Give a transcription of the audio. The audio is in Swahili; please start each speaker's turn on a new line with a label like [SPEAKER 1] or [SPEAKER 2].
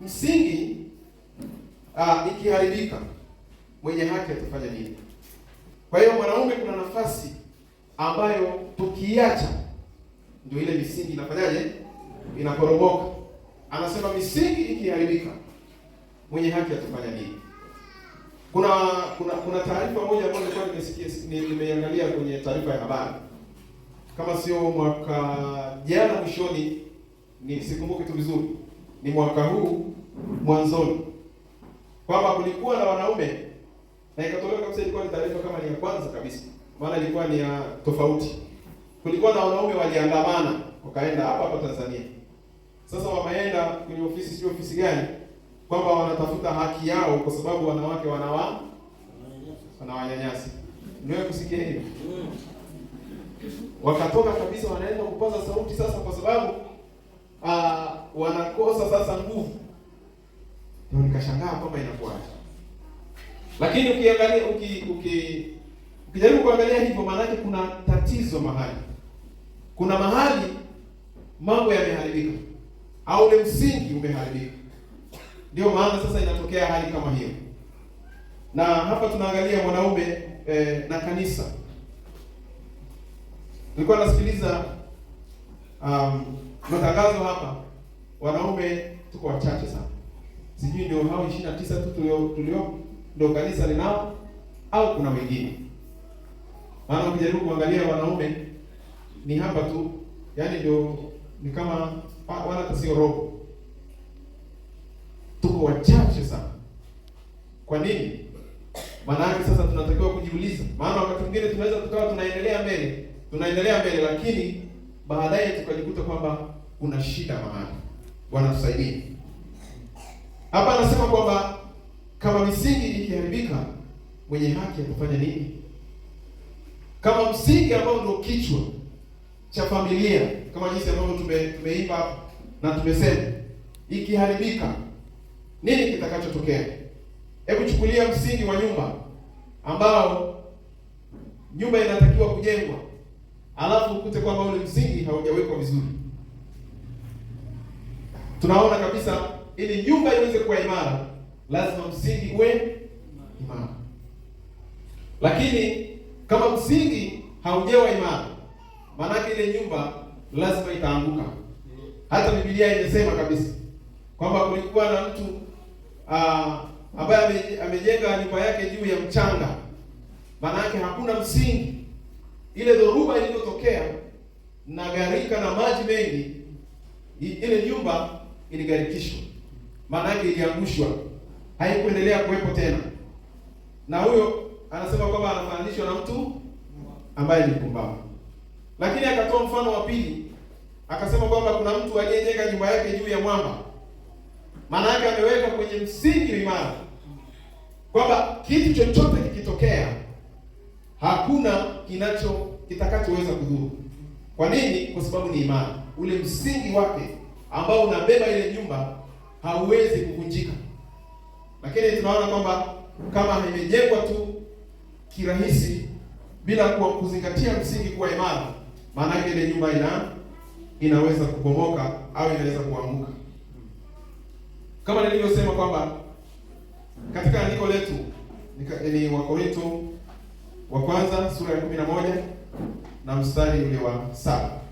[SPEAKER 1] Msingi uh, ikiharibika mwenye haki atafanya nini? Kwa hiyo mwanaume, kuna nafasi ambayo tukiacha ndio ile misingi inafanyaje? Inakoromoka. Anasema misingi ikiharibika mwenye haki atafanya nini? Kuna kuna kuna taarifa moja ambayo nilikuwa nimesikia, nimeangalia kwenye taarifa ya habari, kama sio mwaka jana mwishoni, ni sikumbuki tu vizuri ni mwaka huu mwanzoni, kwamba kulikuwa na wanaume na ikatolewa kabisa, ilikuwa ni taarifa kama ni ya kwanza kabisa, maana ilikuwa ni ya tofauti. Kulikuwa na wanaume waliandamana, wakaenda hapa hapa Tanzania. Sasa wameenda kwenye ofisi, sio ofisi gani, kwamba wanatafuta haki yao, kwa sababu wanawake wanawa
[SPEAKER 2] wanawanyanyasa.
[SPEAKER 1] Niwe kusikia hiyo, wakatoka kabisa, wanaenda kupaza sauti sasa, kwa sababu ah, wanakosa sasa nguvu. Ndio nikashangaa kwamba inakuaje. Lakini ukiangalia uki, uki ukijaribu kuangalia hivyo, maanake kuna tatizo mahali, kuna mahali mambo yameharibika au ule msingi umeharibika. Ndio maana sasa inatokea hali kama hiyo, na hapa tunaangalia mwanaume eh, na kanisa. Nilikuwa nasikiliza um, matangazo hapa wanaume tuko wachache sana, sijui ndio hao ishirini na tisa tu tulio tulio ndio kanisa linao au kuna wengine? Maana ukijaribu kuangalia wanaume ni hapa tu, yaani ndio ni kama wala hata robo, tuko wachache sana. Kwa nini? Maanake sasa tunatakiwa kujiuliza, maana wakati mwingine tunaweza tukawa tunaendelea mbele tunaendelea mbele, lakini baadaye tukajikuta kwamba kuna shida mahali Bwana tusaidie. Hapa anasema kwamba kama misingi ikiharibika, mwenye haki atafanya nini? Kama msingi ambao ndio kichwa cha familia, kama jinsi ambavyo tume- tumeimba na tumesema, ikiharibika, nini kitakachotokea? Hebu chukulia msingi wa nyumba ambao nyumba inatakiwa kujengwa, alafu ukute kwamba ule msingi haujawekwa vizuri tunaona kabisa ili nyumba iweze kuwa imara lazima msingi uwe imara, lakini kama msingi haujewa imara, maanake ile nyumba lazima itaanguka. Hata Biblia imesema kabisa kwamba kulikuwa na mtu uh, ambaye amejenga nyumba yake juu ya mchanga, maanake hakuna msingi. Ile dhoruba ilipotokea na gharika na maji mengi, ile nyumba iligharikishwa, maana yake iliangushwa, haikuendelea kuwepo tena. Na huyo anasema kwamba anafananishwa na mtu ambaye ni mpumbavu. Lakini akatoa mfano wa pili, akasema kwamba kuna mtu aliyejenga nyumba yake juu ya mwamba, maana yake ameweka kwenye msingi imara, kwamba kitu chochote kikitokea hakuna kinacho kitakachoweza kudhuru. Kwa nini? Kwa sababu ni imara, ule msingi wake ambao unabeba ile nyumba hauwezi kuvunjika. Lakini tunaona kwamba kama imejengwa tu kirahisi bila kuwa kuzingatia msingi kuwa imara, maana yake ile nyumba ina inaweza kubomoka au inaweza kuanguka. Kama nilivyosema kwamba katika andiko letu ni Wakorinto wa kwanza sura ya 11 na mstari ule wa saba.